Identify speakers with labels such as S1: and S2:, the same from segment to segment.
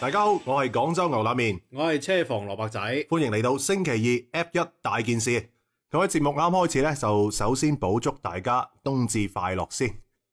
S1: 大家好，我係廣州牛腩麵，我係車房蘿蔔仔，歡迎嚟到星期二 F1 大件事。同喺節目啱開始呢，就首先補祝大家冬至快樂先。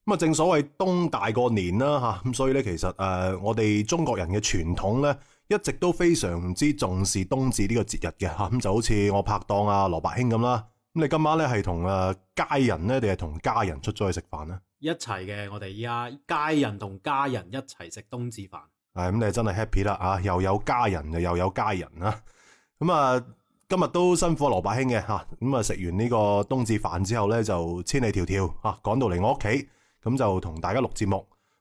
S1: 咁啊，正所謂冬大過年啦吓，咁、啊、所以呢，其實誒、呃，我哋中國人嘅傳統呢，一直都非常之重視冬至呢個節日嘅吓。咁、啊、就好似我拍檔阿蘿蔔兄咁啦。咁、啊、你今晚呢，係同誒家人呢，定係同家人出咗去食飯呢？
S2: 一齊嘅，我哋依家家人同家人一齊食冬至飯。
S1: 係咁、嗯，你真係 happy 啦啊！又有家人，又有家人啦。咁啊，嗯、今日都辛苦羅伯興嘅哈。咁啊，食、嗯、完呢個冬至飯之後咧，就千里迢迢啊，趕到嚟我屋企，咁、嗯、就同大家錄節目。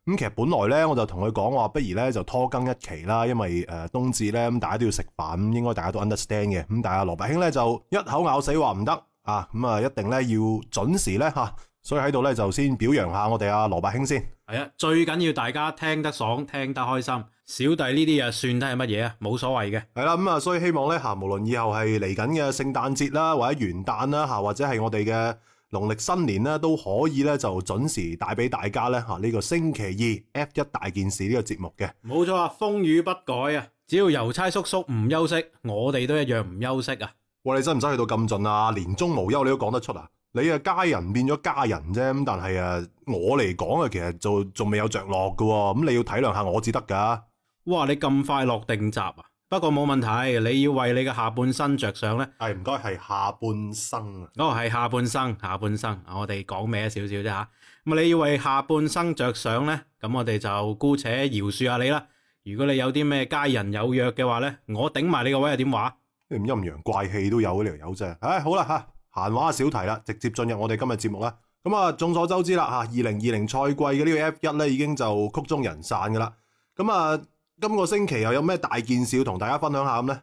S1: 咁、嗯、其實本來咧，我就同佢講話，不如咧就拖更一期啦，因為誒、呃、冬至咧，咁、嗯、大，大家都要食飯，咁應該大家都 understand 嘅。咁但係阿羅伯興咧就一口咬死話唔得啊。咁、嗯、啊、嗯，一定咧要準時咧吓、啊，所以喺度咧就先表揚下我哋阿羅伯興先。
S2: 係啊，最緊要大家聽得爽，聽得開心。小弟呢啲嘢算得係乜嘢啊？冇所謂嘅。係
S1: 啦，咁啊，所以希望呢，吓，無論以後係嚟緊嘅聖誕節啦，或者元旦啦，吓，或者係我哋嘅農曆新年啦，都可以呢，就準時帶俾大家呢，吓呢個星期二 F1 大件事呢個節目嘅。
S2: 冇錯啊，風雨不改啊，只要郵差叔叔唔休息，我哋都一樣唔休息啊。喂，你使唔使去到咁
S1: 盡啊？年終無休，你都講得出啊？你嘅家人變咗家人啫，咁但係啊，我嚟講啊，其實就仲未有着落噶，哦，咁你要體諒下我至得噶。哇！你咁快
S2: 落定閘啊？不過冇問題，你要為你嘅下半身着想呢。係唔該，係下半生啊。哦，係下半生，下半生，我哋講咩少少啫吓。咁你要為下半生着想呢？咁我哋就姑且饒恕下你啦。如果你有啲咩家人有約嘅話呢，我頂埋你個位又點話？你唔陰陽怪氣都有呢條友啫。唉，啊，
S1: 好啦吓。啊閒話少提啦，直接進入我哋今日節目啦。咁、嗯、啊，眾所周知啦嚇，二零二零賽季嘅呢個 F 一咧已經就曲終人散嘅啦。咁、嗯、啊，今個星期又
S2: 有咩大件事要同大家分享下咁呢？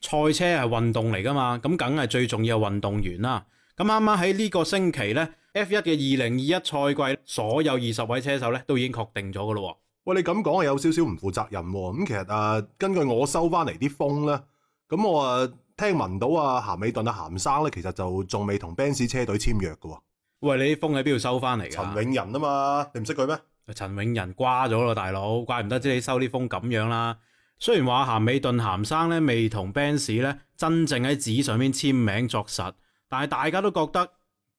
S2: 賽車係運動嚟㗎嘛，咁梗係最重要嘅運動員啦。咁啱啱喺呢個星期呢 F 一嘅二零二一賽季所有二十位車手咧都已經確定咗㗎咯喎。
S1: 喂，你咁講啊，有少少唔負責任喎、啊。咁、嗯、其實啊，根據我收翻嚟啲風咧，咁我啊～聽聞到啊，咸美頓啊，咸生咧，其實就仲未同 Benz 車隊簽約嘅
S2: 㗎喎。喂，你啲風喺邊度收翻嚟嘅？陳永仁啊嘛，你唔識佢咩？陳永仁瓜咗啦，大佬，怪唔得知你收啲風咁樣啦。雖然話咸美頓、咸生咧未同 Benz 咧真正喺紙上面簽名作實，但係大家都覺得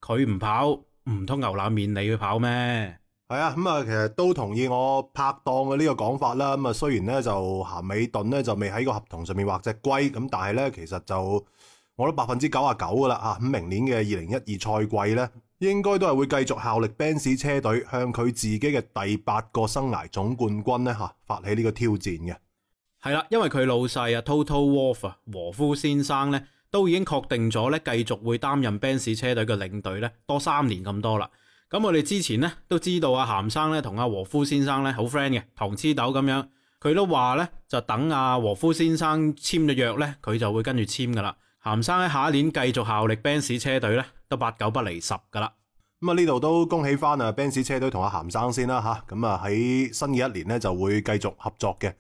S2: 佢唔跑，唔通牛腩麵你去跑咩？係
S1: 啊，咁啊、嗯，其實都同意我拍檔嘅呢個講法啦。咁、嗯、啊，雖然咧就咸美頓咧就未喺個合同上面畫隻龜，咁、嗯、但係咧，其實就我都百分之九啊九噶啦吓。咁明年嘅二零一二賽季咧，應該都係會繼續效力 Benz 車隊，向佢自己嘅第八個生涯總冠軍咧吓、啊、發起呢個挑戰嘅。
S2: 係啦，因為佢老細啊，Toto Wolff 啊，和夫先生咧，都已經確定咗咧，繼續會擔任 Benz 車隊嘅領隊咧，多三年咁多啦。咁我哋之前咧都知道阿、啊、咸生咧同阿和夫先生咧好 friend 嘅糖黐豆咁樣，佢都話咧就等阿、啊、和夫先生簽咗約咧，佢就會跟住簽噶啦。咸生喺下一年繼續效力 Benz 車隊咧，都八九不離十噶啦。
S1: 咁啊呢度都恭喜翻啊 Benz 車隊同阿咸生先啦吓，咁啊喺新嘅一年咧就會繼續合作嘅。咁、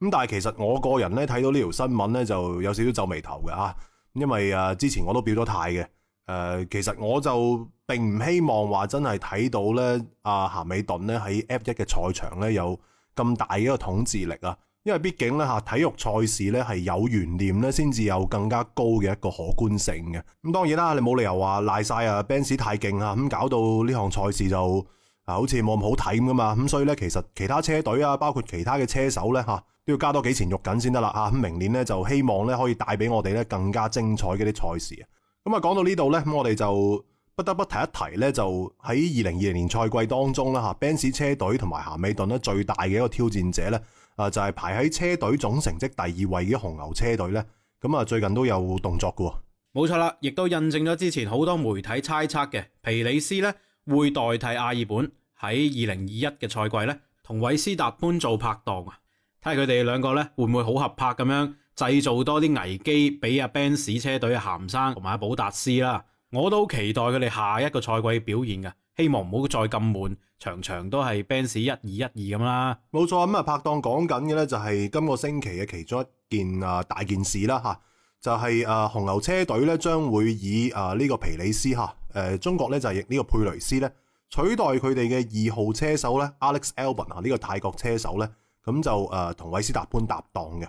S1: 嗯、但係其實我個人咧睇到條聞呢條新聞咧就有少少皺眉頭嘅吓、啊，因為誒、啊、之前我都表咗態嘅。誒，其實我就並唔希望話真係睇到咧，阿咸美頓呢喺 F1 嘅賽場咧有咁大嘅一個統治力啊，因為畢竟咧吓體育賽事咧係有懸念咧，先至有更加高嘅一個可觀性嘅。咁當然啦，你冇理由話賴晒啊，Benz 太勁啊，咁搞到呢項賽事就啊好似冇咁好睇咁噶嘛。咁所以咧，其實其他車隊啊，包括其他嘅車手咧吓，都要加多幾錢肉緊先得啦。吓，咁明年咧就希望咧可以帶俾我哋咧更加精彩嘅啲賽事啊。咁啊，講到呢度呢，咁我哋就不得不提一提呢，就喺二零二零年賽季當中啦，哈，Benz 車隊同埋咸美頓呢最大嘅一個挑戰者呢，啊，就係排喺車隊總成績第二位嘅紅牛車隊呢。咁啊，最近都有動作嘅。
S2: 冇錯啦，亦都印證咗之前好多媒體猜測嘅，皮里斯呢會代替阿爾本喺二零二一嘅賽季呢，同韋斯達潘做拍檔啊，睇下佢哋兩個呢，會唔會好合拍咁樣。製造多啲危機俾阿 Ben 士車隊阿咸生同埋阿保達斯啦，我都期待佢哋下一個賽季表現嘅，希望唔好再咁悶，場場都係 Ben 士一二一二咁啦。
S1: 冇錯咁啊，拍檔講緊嘅呢就係今個星期嘅其中一件啊、呃、大件事啦吓、啊，就係、是、啊紅牛車隊呢將會以啊呢、呃這個皮里斯吓誒、啊、中國呢就係、是、呢個佩雷斯呢取代佢哋嘅二號車手呢 Alex Albon 吓、啊、呢、這個泰國車手呢咁就誒同韋斯達潘搭檔嘅。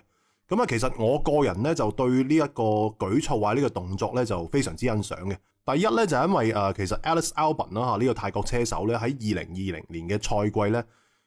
S1: 咁啊，其實我個人咧就對呢一個舉措或者呢個動作咧就非常之欣賞嘅。第一咧就因為誒，其實 Alex Albon 啦，嚇呢個泰國車手咧喺二零二零年嘅賽季咧，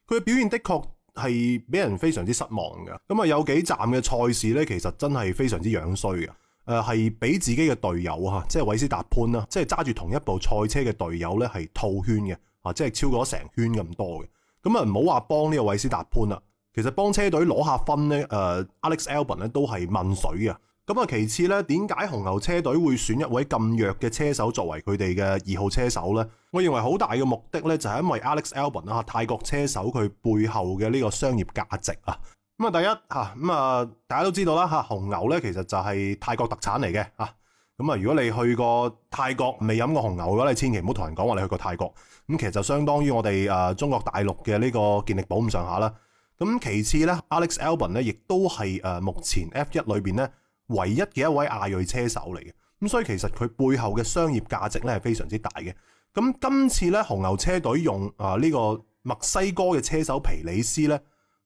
S1: 佢嘅表現的確係俾人非常之失望嘅。咁啊有幾站嘅賽事咧，其實真係非常之樣衰嘅。誒係俾自己嘅隊友嚇，即係韋斯達潘啦，即係揸住同一部賽車嘅隊友咧係套圈嘅，啊即係超過成圈咁多嘅。咁啊唔好話幫呢個韋斯達潘啦。其實幫車隊攞下分咧，誒、uh，Alex Albon 咧都係問水嘅。咁啊，其次咧，點解紅牛車隊會選一位咁弱嘅車手作為佢哋嘅二號車手咧？我認為好大嘅目的咧，就係、是、因為 Alex Albon 啦、啊，泰國車手佢背後嘅呢個商業價值啊。咁、嗯、啊，第一，吓、啊，咁、嗯、啊，大家都知道啦，吓、啊，紅牛咧其實就係泰國特產嚟嘅，吓、啊。咁、嗯、啊，如果你去過泰國未飲過紅牛嘅話，你千祈唔好同人講話你去過泰國。咁、嗯、其實就相當於我哋誒、啊、中國大陸嘅呢個健力寶咁上下啦。咁其次咧，Alex Albon 咧，亦都係誒、呃、目前 F 一裏邊咧唯一嘅一位亞裔車手嚟嘅。咁、嗯、所以其實佢背後嘅商業價值咧係非常之大嘅。咁、嗯、今次咧，紅牛車隊用啊呢、這個墨西哥嘅車手皮里斯咧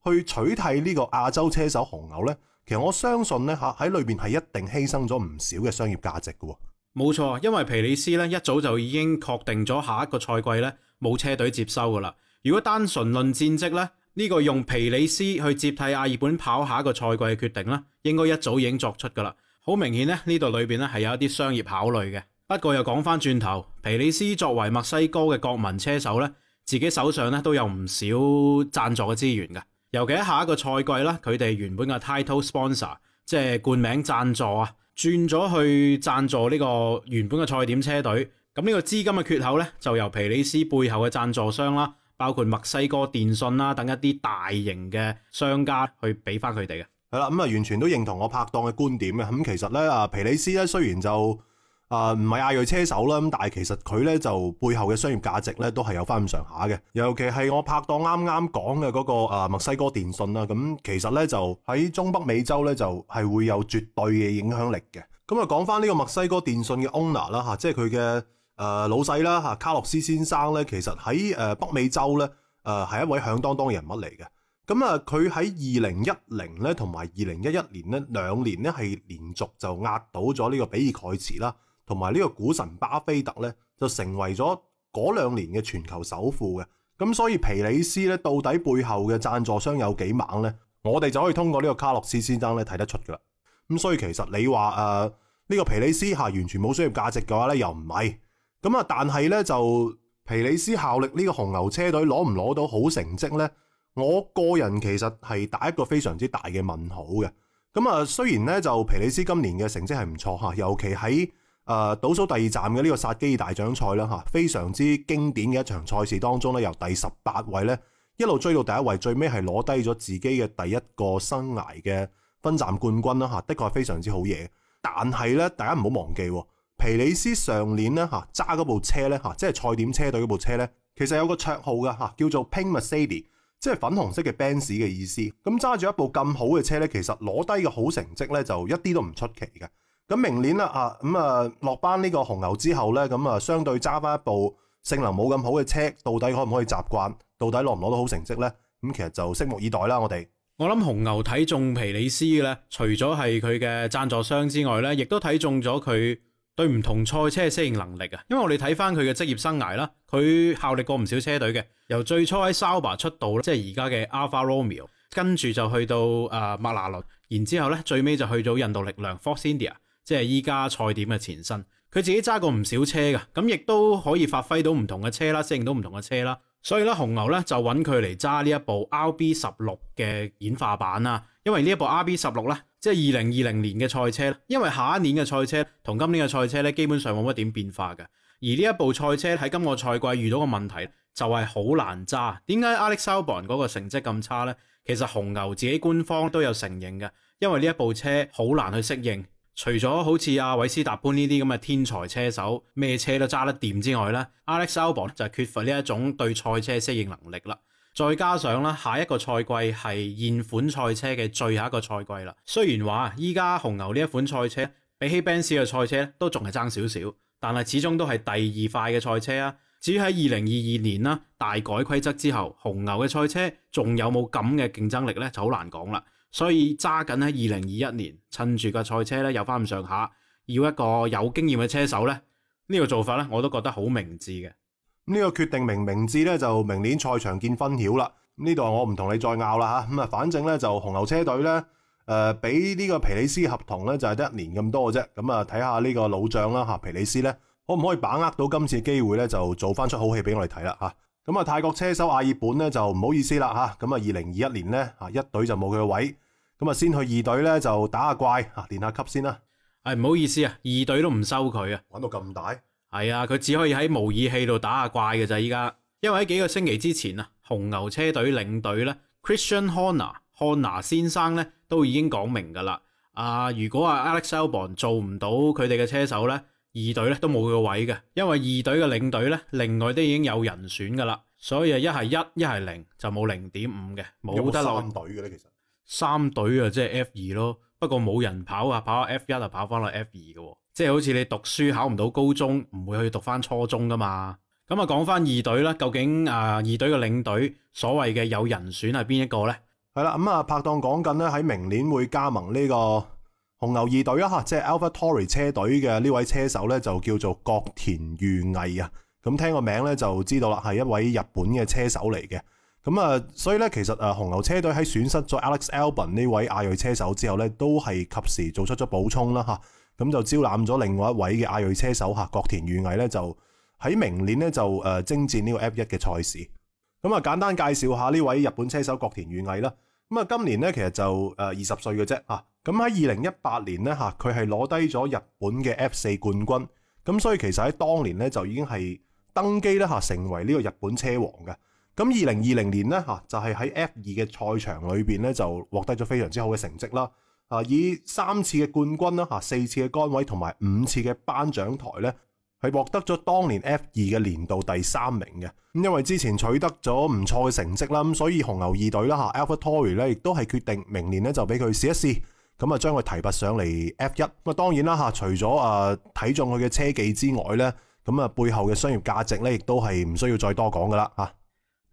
S1: 去取締呢個亞洲車手紅牛咧，其實我相信咧吓喺裏邊係一定犧牲咗唔少嘅商業價值嘅、哦。
S2: 冇錯，因為皮里斯咧一早就已經確定咗下一個賽季咧冇車隊接收噶啦。如果單純論戰績咧。呢個用皮里斯去接替阿爾本跑下一個賽季嘅決定咧，應該一早已經作出噶啦。好明顯咧，呢度裏邊咧係有一啲商業考慮嘅。不過又講翻轉頭，皮里斯作為墨西哥嘅國民車手咧，自己手上咧都有唔少贊助嘅資源嘅。尤其喺下一個賽季啦，佢哋原本嘅 title sponsor 即係冠名贊助啊，轉咗去贊助呢個原本嘅賽點車隊，咁呢個資金嘅缺口咧，就由皮里斯背後嘅贊助商啦。包括墨西哥電信啦、啊、等一啲大型嘅商家去俾翻佢哋嘅。
S1: 係啦、嗯、咁啊完全都認同我拍檔嘅觀點嘅。咁、嗯、其實咧啊皮里斯咧雖然就啊唔係亞裔車手啦，咁但係其實佢咧就背後嘅商業價值咧都係有翻咁上下嘅。尤其係我拍檔啱啱講嘅嗰個啊墨西哥電信啦，咁、嗯、其實咧就喺中北美洲咧就係會有絕對嘅影響力嘅。咁啊講翻呢個墨西哥電信嘅 owner 啦、啊、吓，即係佢嘅。誒、呃、老細啦嚇，卡洛斯先生咧，其實喺誒、呃、北美洲咧，誒、呃、係一位響噹噹嘅人物嚟嘅。咁、嗯、啊，佢喺二零一零咧同埋二零一一年咧兩年咧係連續就壓倒咗呢個比爾蓋茨啦，同埋呢個股神巴菲特咧，就成為咗嗰兩年嘅全球首富嘅。咁、嗯、所以皮里斯咧到底背後嘅贊助商有幾猛咧？我哋就可以通過呢個卡洛斯先生咧睇得出噶啦。咁、嗯、所以其實你話誒呢個皮里斯嚇完全冇商業價值嘅話咧，又唔係。咁啊，但係呢，就皮里斯效力呢個紅牛車隊攞唔攞到好成績呢？我個人其實係打一個非常之大嘅問號嘅。咁、嗯、啊，雖然呢，就皮里斯今年嘅成績係唔錯吓，尤其喺誒、呃、倒數第二站嘅呢個薩基爾大獎賽啦吓，非常之經典嘅一場賽事當中咧，由第十八位呢一路追到第一位，最尾係攞低咗自己嘅第一個生涯嘅分站冠軍啦吓，的確係非常之好嘢。但係呢，大家唔好忘記。皮里斯上年咧嚇，揸嗰部車咧嚇、啊，即係賽點車隊嗰部車咧，其實有個綽號嘅嚇、啊，叫做 Pink Mercedes，即係粉紅色嘅 Benz 嘅意思。咁揸住一部咁好嘅車咧，其實攞低嘅好成績咧就一啲都唔出奇嘅。咁明年啦啊，咁啊落班呢個紅牛之後咧，咁啊相對揸翻一部性能冇咁好嘅車，到底可唔可以習慣？到底攞唔攞到好成績咧？咁、啊、其實就拭目以待啦，我哋。
S2: 我諗紅牛睇中皮里斯咧，除咗係佢嘅贊助商之外咧，亦都睇中咗佢對唔同賽車適應能力啊，因為我哋睇翻佢嘅職業生涯啦，佢效力過唔少車隊嘅，由最初喺 Sauber 出道即係、就、而、是、家嘅 Alpha Romeo，跟住就去到誒 m a l 然之後咧最尾就去到印度力量 Fox r India，即係依家賽點嘅前身。佢自己揸過唔少車噶，咁亦都可以發揮到唔同嘅車啦，適應到唔同嘅車啦，所以咧紅牛咧就揾佢嚟揸呢一部 RB 十六嘅演化版啦，因為呢一部 RB 十六咧。即係二零二零年嘅賽車，因為下一年嘅賽車同今年嘅賽車咧，基本上冇乜點變化嘅。而呢一部賽車喺今個賽季遇到個問題就係、是、好難揸。點解 Alex Albon 嗰個成績咁差咧？其實紅牛自己官方都有承認嘅，因為呢一部車好難去適應。除咗好似阿維斯塔潘呢啲咁嘅天才車手，咩車都揸得掂之外咧、啊、Alex Albon 就缺乏呢一種對賽車適應能力啦。再加上啦，下一個賽季係現款賽車嘅最後一個賽季啦。雖然話啊，依家紅牛呢一款賽車比起 Benz 嘅賽車都仲係爭少少，但係始終都係第二快嘅賽車啊。至於喺二零二二年啦，大改規則之後，紅牛嘅賽車仲有冇咁嘅競爭力呢？就好難講啦。所以揸緊喺二零二一年，趁住個賽車咧有返咁上下，要一個有經驗嘅車手呢，呢、呢個做法咧，我都覺得好明智嘅。呢個決定，明唔明智呢，就明年
S1: 賽場見分曉啦。呢度我唔同你再拗啦吓。咁啊，反正呢，就紅牛車隊呢，誒、呃，俾呢個皮里斯合同呢，就係得一年咁多嘅啫。咁啊，睇下呢個老將啦吓，皮里斯呢，可唔可以把握到今次機會呢？就做翻出好戲俾我哋睇啦吓。咁啊，泰國車手阿爾本呢，就唔好意思啦吓。咁啊，二零二一年呢，啊，一隊就冇佢嘅位。咁啊，先去二
S2: 隊呢，就打下怪啊，練下級先啦。係、哎，唔好意思啊，二隊都唔收佢啊。玩到咁大？係啊，佢只可以喺模擬器度打下怪嘅咋。依家，因為喺幾個星期之前啊，紅牛車隊領隊咧，Christian Horner，Horner 先生咧都已經講明噶啦。啊、呃，如果阿 Alex Albon 做唔到佢哋嘅車手咧，二隊咧都冇佢個位嘅，因為二隊嘅領隊咧，另外都已經有人選噶啦。所以啊，一係一，一係零，就冇零點五嘅，冇得漏。三隊嘅咧，其實三隊啊，即係 F 二咯。不過冇人跑啊，跑 F 一就跑翻落 F 二嘅。即係好似你讀書考唔到高中，唔會去讀翻初中噶嘛。咁啊，講翻二隊啦，究竟啊、呃、二隊嘅領隊所謂嘅有人選係邊一個咧？
S1: 係啦，咁、嗯、啊，拍檔講緊咧喺明年會加盟呢個紅牛二隊啊，即係 AlphaTauri 車隊嘅呢位車手咧就叫做角田裕毅啊。咁聽個名咧就知道啦，係一位日本嘅車手嚟嘅。咁啊，所以咧其實啊，紅牛車隊喺損失咗 Alex Albon 呢位亞裔車手之後咧，都係及時做出咗補充啦吓。啊咁就招攬咗另外一位嘅亞裔車手嚇，國田裕毅咧就喺明年咧就誒征戰呢個 F 一嘅賽事。咁啊，簡單介紹下呢位日本車手國田裕毅啦。咁啊，今年咧其實就誒二十歲嘅啫嚇。咁喺二零一八年咧嚇，佢係攞低咗日本嘅 F 四冠軍。咁所以其實喺當年咧就已經係登基咧嚇，成為呢個日本車王嘅。咁二零二零年咧嚇，就係、是、喺 F 二嘅賽場裏邊咧就獲得咗非常之好嘅成績啦。啊！以三次嘅冠軍啦，吓四次嘅桿位同埋五次嘅頒獎台咧，係獲得咗當年 F 二嘅年度第三名嘅。咁因為之前取得咗唔錯嘅成績啦，咁所以紅牛二隊啦，吓 AlphaTauri 咧，亦都係決定明年呢就俾佢試一試，咁啊將佢提拔上嚟 F 一。咁啊，當然啦吓，除咗啊睇中佢嘅車技之外咧，咁啊背後嘅商業價值咧，亦都係唔需要再多講噶啦。吓，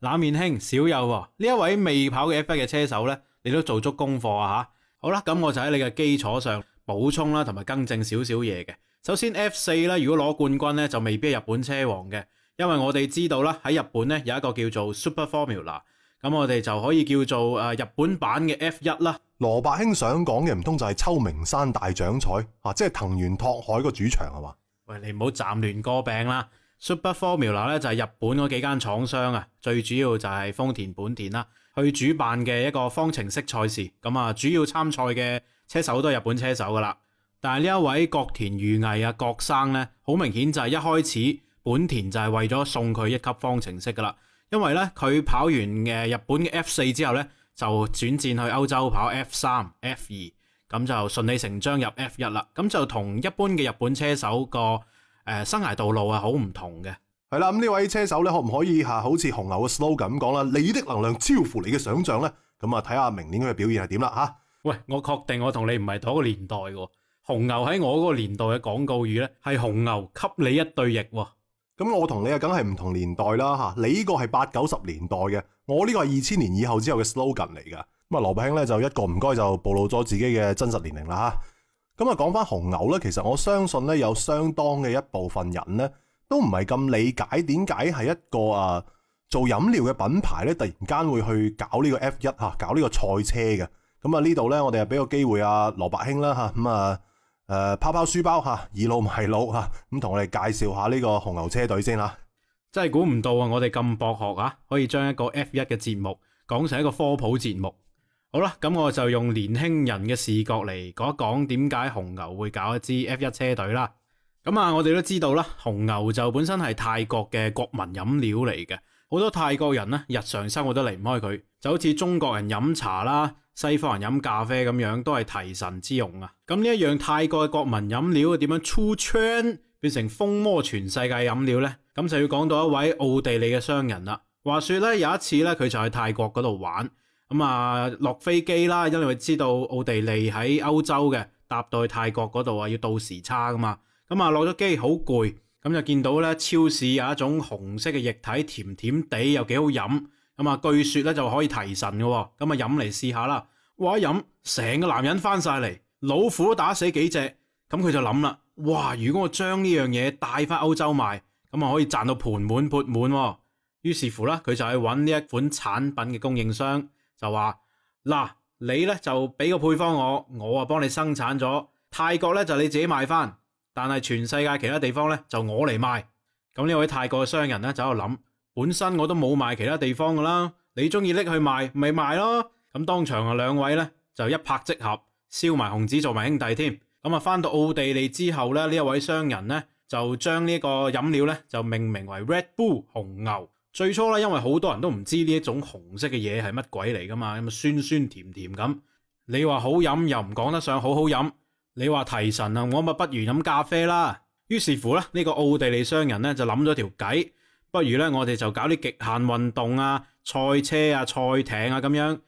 S2: 冷面兄少有呢、哦、一位未跑嘅 F 一嘅車手咧，你都做足功課啊吓！好啦，咁我就喺你嘅基礎上補充啦，同埋更正少少嘢嘅。首先 F 四咧，如果攞冠軍咧，就未必係日本車王嘅，因為我哋知道啦，喺日本咧有一個叫做 Super Formula，咁我哋就可以叫做誒、啊、日本版嘅 F 一啦。羅伯興想
S1: 講嘅唔通就係秋名山大獎賽啊，即係藤原拓海個主場係嘛？
S2: 喂，你唔好斬亂個餅啦，Super Formula 咧就係、是、日本嗰幾間廠商啊，最主要就係豐田、本田啦。去主辦嘅一個方程式賽事，咁啊，主要參賽嘅車手都係日本車手噶啦。但係呢一位角田裕毅啊，角生呢，好明顯就係一開始本田就係為咗送佢一級方程式噶啦，因為呢，佢跑完嘅日本嘅 F 四之後呢，就轉戰去歐洲跑 F 三、F 二，咁就順理成章入 F 一啦。咁就同一般嘅日本車手個、呃、生涯道路係，好唔同嘅。
S1: 係啦，咁呢、嗯、位車手咧，可唔可以吓、啊、好似紅牛嘅 slogan 咁講啦？你的能量超乎你嘅想象呢？咁啊睇下明年佢嘅表現係點啦吓。
S2: 啊、喂，我確定我同你唔係同一個年代嘅。紅牛喺我嗰個年代嘅廣告語呢，係紅牛給你一對翼。
S1: 咁我同你啊，梗係唔同年代啦吓、啊。你呢個係八九十年代嘅，我呢個係二千年以後之後嘅 slogan 嚟噶。咁、嗯、啊，羅伯兄咧就一個唔該就暴露咗自己嘅真實年齡啦吓。咁啊，嗯嗯、講翻紅牛呢，其實我相信呢，有相當嘅一部分人呢。都唔係咁理解，點解係一個啊做飲料嘅品牌咧，突然間會去搞呢個 F 一吓、啊，搞呢個賽車嘅？咁啊呢度呢，我哋啊俾個機會啊，羅伯兄啦吓，咁啊誒拋拋書包吓，以老賣老吓，咁同、啊啊、我哋介紹下呢個紅牛車隊先吓，
S2: 真係估唔到啊！我哋咁博學啊，可以將一個 F 一嘅節目講成一個科普節目。好啦，咁我就用年輕人嘅視角嚟講一講，點解紅牛會搞一支 F 一車隊啦。咁啊，我哋都知道啦，紅牛就本身係泰國嘅國民飲料嚟嘅，好多泰國人咧日常生活都離唔開佢，就好似中國人飲茶啦、西方人飲咖啡咁樣，都係提神之用啊！咁呢一樣泰國嘅國民飲料點樣出圈變成風靡全世界飲料呢？咁就要講到一位奧地利嘅商人啦。話說咧，有一次咧，佢就去泰國嗰度玩，咁啊落飛機啦，因為佢知道奧地利喺歐洲嘅，搭到去泰國嗰度啊，要到時差噶嘛。咁啊落咗機好攰，咁就見到咧，超市有一種紅色嘅液體，甜甜地又幾好飲。咁啊，據說咧就可以提神嘅，咁啊飲嚟試下啦。哇！飲成個男人翻晒嚟，老虎都打死幾隻。咁佢就諗啦，哇！如果我將呢樣嘢帶翻歐洲賣，咁啊可以賺到盆滿缽滿。於是乎啦，佢就去搵呢一款產品嘅供應商，就話嗱、啊、你咧就俾個配方我，我啊幫你生產咗。泰國咧就你自己賣翻。但係全世界其他地方咧，就我嚟賣。咁呢位泰國商人咧，就喺度諗，本身我都冇賣其他地方噶啦，你中意拎去賣咪賣咯。咁當場啊，兩位咧就一拍即合，燒埋紅紙做埋兄弟添。咁啊，翻到奧地利之後咧，呢一位商人咧就將呢個飲料咧就命名為 Red Bull 紅牛。最初咧，因為好多人都唔知呢一種紅色嘅嘢係乜鬼嚟噶嘛，咁啊酸酸甜甜咁，你話好飲又唔講得上好好飲。你話提神啊，我咪不如飲咖啡啦。於是乎咧，呢個奧地利商人咧就諗咗條計，不如咧我哋就搞啲極限運動啊、賽車啊、賽艇啊咁樣。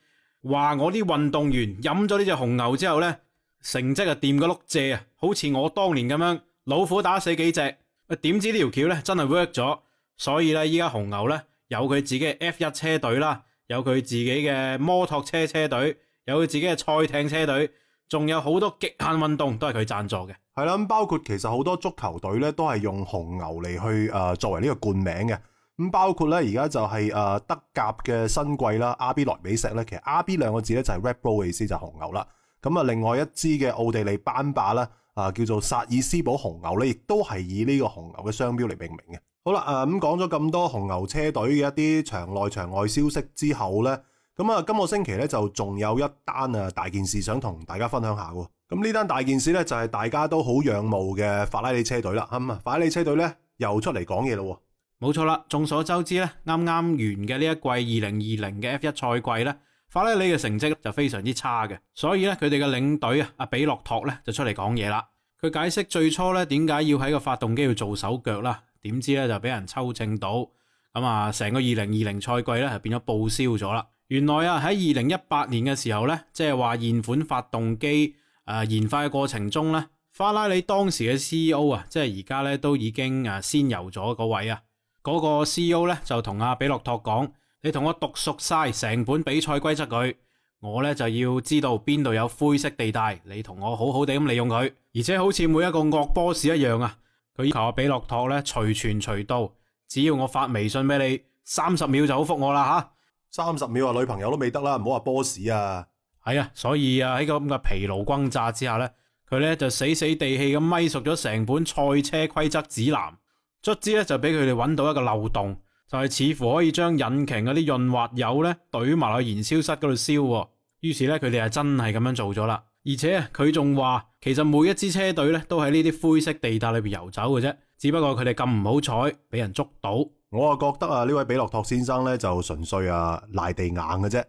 S2: 話我啲運動員飲咗呢隻紅牛之後咧，成績啊掂個碌蔗啊，好似我當年咁樣老虎打死幾隻。點知呢條橋咧真係 work 咗，所以咧依家紅牛咧有佢自己嘅 F1 車隊啦，有佢自己嘅摩托車車隊，有佢自己嘅賽艇車隊。仲有好多極限運動都係佢贊助嘅，
S1: 係啦，包括其實好多足球隊咧都係用紅牛嚟去誒、呃、作為呢個冠名嘅，咁包括咧而家就係、是、誒、呃、德甲嘅新季啦、啊，RB 萊比錫咧，其實 RB 兩個字咧就係 Red Bull 嘅意思就係、紅牛啦，咁、嗯、啊另外一支嘅奧地利班霸啦啊叫做薩爾斯堡紅牛咧，亦都係以呢個紅牛嘅商標嚟命名嘅。好啦，誒咁講咗咁多紅牛車隊嘅一啲場內場外消息之後咧。咁啊，今個星期咧就仲有一單啊大件事想同大家分享下嘅。咁呢單大件事咧就係大家都好仰慕嘅法拉利車隊啦。咁、嗯、啊，法拉利
S2: 車隊咧又出嚟講嘢啦。冇錯啦，眾所周知咧，啱啱完嘅呢一季二零二零嘅 F 一賽季咧，法拉利嘅成績就非常之差嘅。所以咧，佢哋嘅領隊啊，阿比諾托咧就出嚟講嘢啦。佢解釋最初咧點解要喺個發動機度做手腳啦，點知咧就俾人抽秤到，咁啊，成個二零二零賽季咧就變咗報銷咗啦。原來啊，喺二零一八年嘅時候呢，即係話現款發動機誒研發嘅過程中呢，法拉利當時嘅 CEO 啊，即係而家呢都已經誒先遊咗嗰位啊，嗰、那個 CEO 呢就同阿、啊、比諾托講，你同我讀熟晒成本比賽規則佢。我呢就要知道邊度有灰色地帶，你同我好好地咁利用佢。而且好似每一個惡波士一樣啊，佢要求阿、啊、比諾托呢隨傳隨到，只要我發微信俾你，三十秒就好覆我啦吓、啊。三十秒啊，女朋友都未得啦，唔好話波士啊！係啊，所以啊，喺個咁嘅疲勞轟炸之下呢，佢呢就死死地氣咁咪熟咗成本賽車規則指南，卒之呢，就俾佢哋揾到一個漏洞，就係似乎可以將引擎嗰啲潤滑油呢，懟埋去燃燒室嗰度燒。於是呢，佢哋係真係咁樣做咗啦。而且佢仲話其實每一支車隊呢，都喺呢啲灰色地帶裏邊游走嘅啫。只不過佢哋咁唔好彩，俾人捉到。
S1: 我啊覺得啊呢位比諾托先生咧就純粹啊賴地硬嘅啫。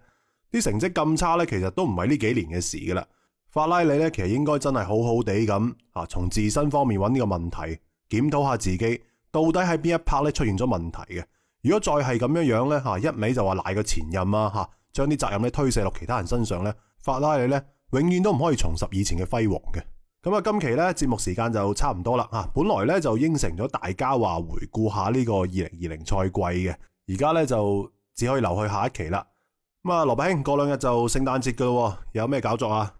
S1: 啲成績咁差咧，其實都唔係呢幾年嘅事噶啦。法拉利咧其實應該真係好好地咁啊，從自身方面揾呢個問題，檢討下自己到底喺邊一 part 咧出現咗問題嘅。如果再係咁樣樣咧，吓一味就話賴個前任啦，吓將啲責任咧推卸落其他人身上咧，法拉利咧永遠都唔可以重拾以前嘅輝煌嘅。咁啊，今期咧節目時間就差唔多啦。啊，本來咧就應承咗大家話回顧下呢個二零二零賽季嘅，而家咧就只可以留去下一期啦。咁啊，羅伯兄，過兩日就聖誕節噶啦，有咩搞作啊？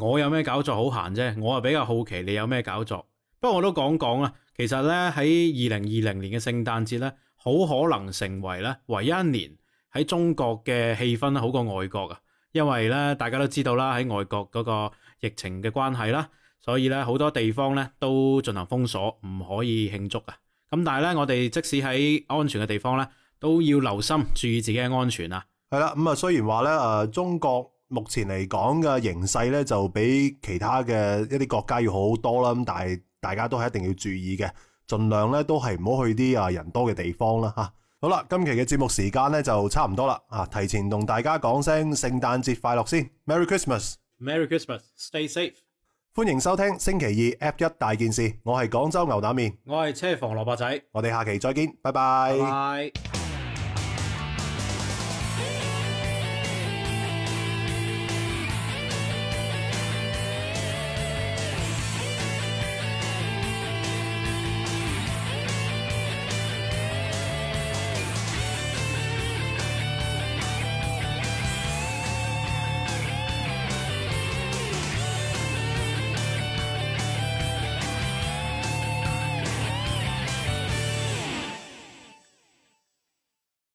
S2: 我有咩搞作好閒啫？我啊比較好奇你有咩搞作。不過我都講講啊，其實咧喺二零二零年嘅聖誕節咧，好可能成為咧唯一一年喺中國嘅氣氛好過外國啊，因為咧大家都知道啦，喺外國嗰個疫情嘅關係啦。所以咧，好多地方咧都進行封鎖，唔可以慶祝啊。咁但係咧，我哋即使喺安全嘅地方咧，都要留心注意自己嘅安全啊。
S1: 係啦，咁啊，雖然話咧，誒，中國目前嚟講嘅形勢咧就比其他嘅一啲國家要好好多啦，咁但係大家都係一定要注意嘅，盡量咧都係唔好去啲啊人多嘅地方啦。吓，好啦，今期嘅節目時間咧就差唔多啦。吓，提前同大家講聲聖誕節快樂先，Merry Christmas，Merry
S2: Christmas，Stay safe。
S1: 歡迎收聽星期二 F1 大件事，我係廣州牛腩麵，
S2: 我係車房蘿蔔仔，我
S1: 哋下期再見，拜拜。Bye
S2: bye.